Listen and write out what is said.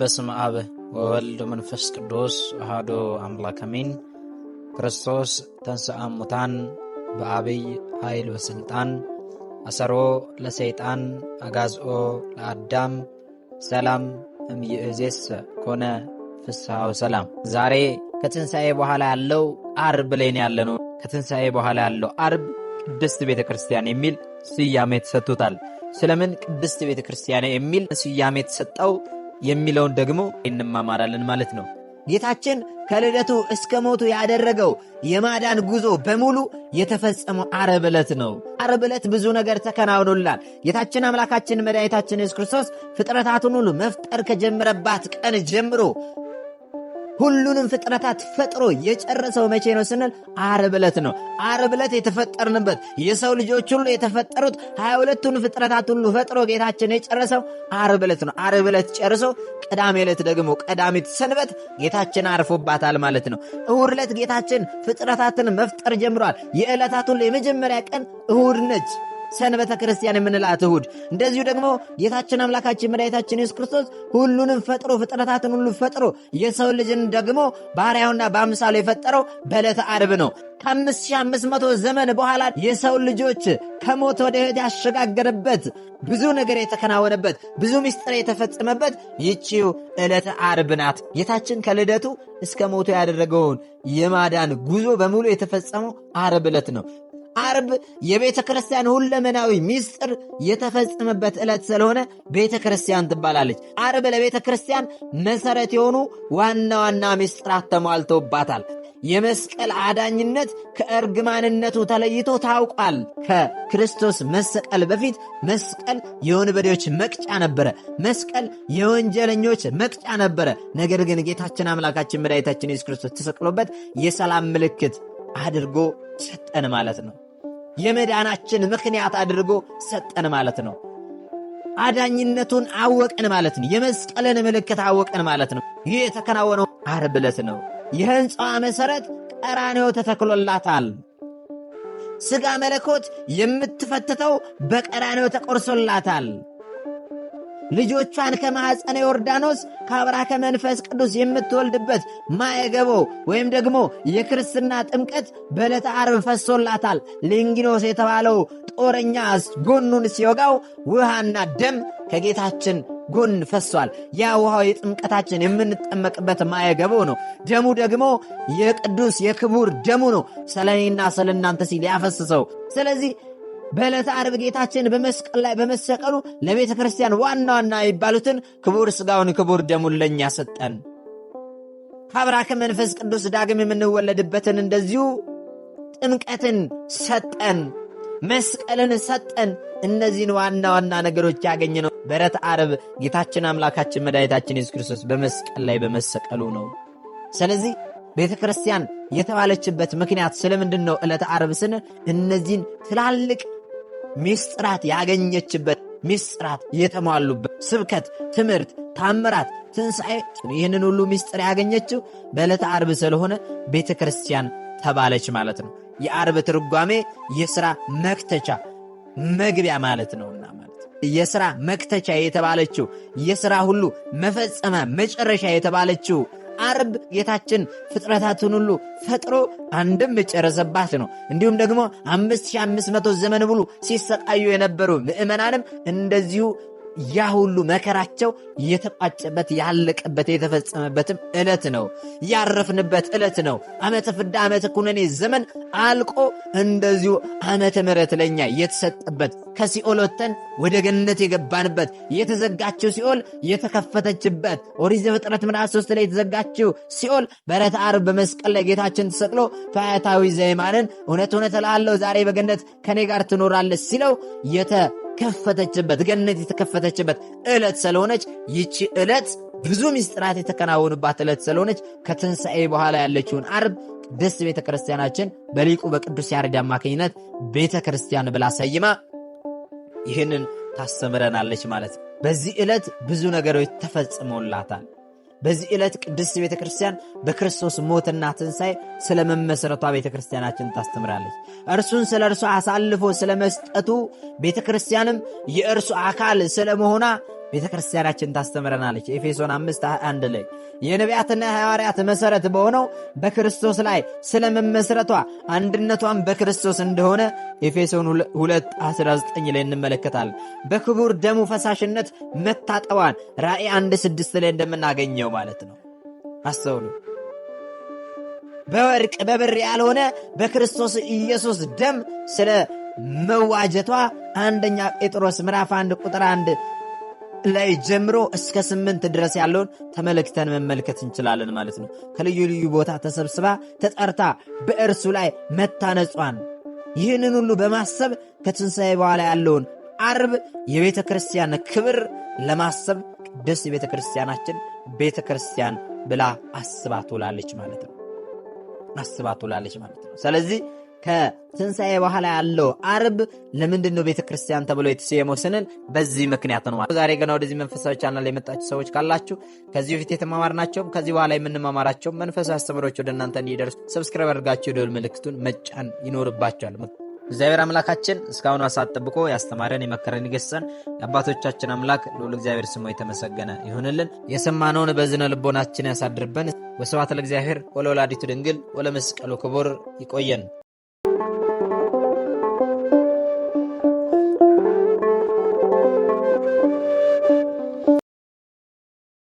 በስም አብ ወወልድ መንፈስ ቅዱስ አሃዶ አምላክ አሜን። ክርስቶስ ተንሥአ እሙታን በአብይ ኃይል ወስልጣን አሰሮ ለሰይጣን አጋዝኦ ለአዳም ሰላም እምይእዜሰ ኮነ ፍስሐ ወሰላም። ዛሬ ከትንሣኤ በኋላ ያለው አርብ ላይ ያለ ከትንሣኤ በኋላ ያለው አርብ ቅድስት ቤተ ክርስቲያን የሚል ስያሜ ተሰጥቶታል። ስለምን ቅድስት ቤተ ክርስቲያን የሚል ስያሜ የተሰጠው የሚለውን ደግሞ እንማማራለን ማለት ነው። ጌታችን ከልደቱ እስከ ሞቱ ያደረገው የማዳን ጉዞ በሙሉ የተፈጸመው ዓርብ ዕለት ነው። ዓርብ ዕለት ብዙ ነገር ተከናውኖላል። ጌታችን አምላካችን መድኃኒታችን የሱስ ክርስቶስ ፍጥረታቱን ሁሉ መፍጠር ከጀመረባት ቀን ጀምሮ ሁሉንም ፍጥረታት ፈጥሮ የጨረሰው መቼ ነው ስንል አርብ ዕለት ነው። ዓርብ ዕለት የተፈጠርንበት የሰው ልጆች ሁሉ የተፈጠሩት ሀያ ሁለቱን ፍጥረታት ሁሉ ፈጥሮ ጌታችን የጨረሰው ዓርብ ዕለት ነው። ዓርብ ዕለት ጨርሶ ቅዳሜ ዕለት ደግሞ ቀዳሚት ሰንበት ጌታችን አርፎባታል ማለት ነው። እሁድ ዕለት ጌታችን ፍጥረታትን መፍጠር ጀምሯል። የዕለታት ሁሉ የመጀመሪያ ቀን እሁድ ነች። ሰንበተ ክርስቲያን የምንላት እሁድ። እንደዚሁ ደግሞ ጌታችን አምላካችን መድኃኒታችን ኢየሱስ ክርስቶስ ሁሉንም ፈጥሮ ፍጥረታትን ሁሉ ፈጥሮ የሰው ልጅን ደግሞ ባህሪያውና በአምሳሉ የፈጠረው በዕለተ ዓርብ ነው። ከአምስት ሺህ አምስት መቶ ዘመን በኋላ የሰው ልጆች ከሞት ወደ ሕይወት ያሸጋገረበት ብዙ ነገር የተከናወነበት ብዙ ምስጢር የተፈጸመበት ይቺው ዕለተ ዓርብ ናት። ጌታችን ከልደቱ እስከ ሞቱ ያደረገውን የማዳን ጉዞ በሙሉ የተፈጸመው ዓርብ ዕለት ነው። አርብ የቤተ ክርስቲያን ሁለመናዊ ሚስጥር የተፈጸመበት ዕለት ስለሆነ ቤተ ክርስቲያን ትባላለች። አርብ ለቤተ ክርስቲያን መሠረት የሆኑ ዋና ዋና ሚስጥራት ተሟልተውባታል። የመስቀል አዳኝነት ከእርግማንነቱ ተለይቶ ታውቋል። ከክርስቶስ መሰቀል በፊት መስቀል የወንበዴዎች መቅጫ ነበረ። መስቀል የወንጀለኞች መቅጫ ነበረ። ነገር ግን ጌታችን አምላካችን መድኃኒታችን ኢየሱስ ክርስቶስ ተሰቅሎበት የሰላም ምልክት አድርጎ ሰጠን ማለት ነው። የመዳናችን ምክንያት አድርጎ ሰጠን ማለት ነው። አዳኝነቱን አወቅን ማለት ነው። የመስቀልን ምልክት አወቅን ማለት ነው። ይህ የተከናወነው ዓርብ ዕለት ነው። የሕንፃዋ መሠረት ቀራንዮ ተተክሎላታል። ሥጋ መለኮት የምትፈትተው በቀራንዮ ተቆርሶላታል። ልጆቿን ከማኅፀነ ዮርዳኖስ ከአብራ ከመንፈስ ቅዱስ የምትወልድበት ማየገቦ ወይም ደግሞ የክርስትና ጥምቀት በዕለተ ዓርብ ፈሶላታል። ሊንጊኖስ የተባለው ጦረኛ ጎኑን ሲወጋው ውሃና ደም ከጌታችን ጎን ፈሷል። ያ ውሃው የጥምቀታችን የምንጠመቅበት ማየገቦ ነው። ደሙ ደግሞ የቅዱስ የክቡር ደሙ ነው። ስለኔና ስለእናንተ ሲል ያፈስሰው ስለዚህ በዕለተ ዓርብ ጌታችን በመስቀል ላይ በመሰቀሉ ለቤተ ክርስቲያን ዋና ዋና የሚባሉትን ክቡር ሥጋውን ክቡር ደሙን ለእኛ ሰጠን። ከአብራ ቅዱስ ዳግም የምንወለድበትን እንደዚሁ ጥምቀትን ሰጠን፣ መስቀልን ሰጠን። እነዚህን ዋና ዋና ነገሮች ያገኘነው በዕለተ ዓርብ ጌታችን አምላካችን መድኃኒታችን ኢየሱስ ክርስቶስ በመስቀል ላይ በመሰቀሉ ነው። ስለዚህ ቤተ ክርስቲያን የተባለችበት ምክንያት ስለምንድን ነው? ዕለተ ዓርብ ስንል እነዚህን ትላልቅ ምስጢራት ያገኘችበት ምስጢራት የተሟሉበት ስብከት፣ ትምህርት፣ ታምራት፣ ትንሣኤ ይህንን ሁሉ ምስጢር ያገኘችው በዕለተ ዓርብ ስለሆነ ቤተ ክርስቲያን ተባለች ማለት ነው። የዓርብ ትርጓሜ የሥራ መክተቻ መግቢያ ማለት ነውና ማለት የሥራ መክተቻ የተባለችው የሥራ ሁሉ መፈጸመ መጨረሻ የተባለችው አርብ ጌታችን ፍጥረታትን ሁሉ ፈጥሮ አንድም የጨረሰባት ነው። እንዲሁም ደግሞ አምስት አምስት መቶ ዘመን ብሉ ሲሰቃዩ የነበሩ ምእመናንም እንደዚሁ ያ ሁሉ መከራቸው የተቋጨበት ያለቀበት የተፈጸመበትም ዕለት ነው። ያረፍንበት ዕለት ነው። ዓመተ ፍዳ ዓመተ ኩነኔ ዘመን አልቆ እንደዚሁ ዓመተ ምሕረት ለእኛ የተሰጠበት ከሲኦል ወጥተን ወደ ገነት የገባንበት የተዘጋችው ሲኦል የተከፈተችበት ኦሪት ዘፍጥረት ምዕራፍ ሶስት ላይ የተዘጋችው ሲኦል በዕለተ ዓርብ በመስቀል ላይ ጌታችን ተሰቅሎ ፈያታዊ ዘየማንን እውነት እውነት እልሃለሁ ዛሬ በገነት ከኔ ጋር ትኖራለች ሲለው የተ የተከፈተችበት ገነት የተከፈተችበት ዕለት ስለሆነች ይቺ ዕለት ብዙ ምስጢራት የተከናወኑባት ዕለት ስለሆነች ከትንሣኤ በኋላ ያለችውን አርብ ቅድስት ቤተ ክርስቲያናችን በሊቁ በቅዱስ ያሬድ አማካኝነት ቤተ ክርስቲያን ብላ ሰይማ ይህንን ታስተምረናለች ማለት ነው። በዚህ ዕለት ብዙ ነገሮች ተፈጽሞላታል። በዚህ ዕለት ቅድስት ቤተ ክርስቲያን በክርስቶስ ሞትና ትንሣኤ ስለ መመሠረቷ ቤተ ክርስቲያናችን ታስተምራለች። እርሱን ስለ እርሱ አሳልፎ ስለ መስጠቱ ቤተ ክርስቲያንም የእርሱ አካል ስለ መሆኗ ቤተ ክርስቲያናችን ታስተምረናለች። ኤፌሶን አምስት አንድ ላይ የነቢያትና የሐዋርያት መሠረት በሆነው በክርስቶስ ላይ ስለመመስረቷ አንድነቷን በክርስቶስ እንደሆነ ኤፌሶን 2 19 ላይ እንመለከታለን። በክቡር ደሙ ፈሳሽነት መታጠቧን ራእይ 1 6 ላይ እንደምናገኘው ማለት ነው። አስተውሉ። በወርቅ በብር ያልሆነ በክርስቶስ ኢየሱስ ደም ስለ መዋጀቷ አንደኛ ጴጥሮስ ምዕራፍ 1 ቁጥር 1 ላይ ጀምሮ እስከ ስምንት ድረስ ያለውን ተመለክተን መመልከት እንችላለን ማለት ነው። ከልዩ ልዩ ቦታ ተሰብስባ ተጠርታ በእርሱ ላይ መታነጿን ይህንን ሁሉ በማሰብ ከትንሣኤ በኋላ ያለውን አርብ የቤተ ክርስቲያን ክብር ለማሰብ ቅድስት የቤተ ክርስቲያናችን ቤተ ክርስቲያን ብላ አስባ ትውላለች ማለት ነው። አስባ ትውላለች ማለት ነው። ስለዚህ ከትንሣኤ በኋላ ያለው አርብ ለምንድን ነው ቤተ ክርስቲያን ተብሎ የተሰየመው ስንል በዚህ ምክንያት ነው። ዛሬ ገና ወደዚህ መንፈሳዊ ቻናል የመጣችሁ ሰዎች ካላችሁ ከዚህ በፊት የተማማርናቸውም ከዚህ በኋላ የምንማማራቸውም መንፈሳዊ አስተምሮች ወደ እናንተ እንዲደርሱ ሰብስክራይብ አድርጋችሁ የደወል ምልክቱን መጫን ይኖርባቸዋል። እግዚአብሔር አምላካችን እስካሁኑ ሰዓት ጠብቆ ያስተማረን የመከረን ይገሰን የአባቶቻችን አምላክ ልዑል እግዚአብሔር ስሙ የተመሰገነ ይሁንልን። የሰማነውን በዝነ ልቦናችን ያሳድርብን። ወስብሐት ለእግዚአብሔር ወለወላዲቱ ድንግል ወለመስቀሉ ክቡር። ይቆየን።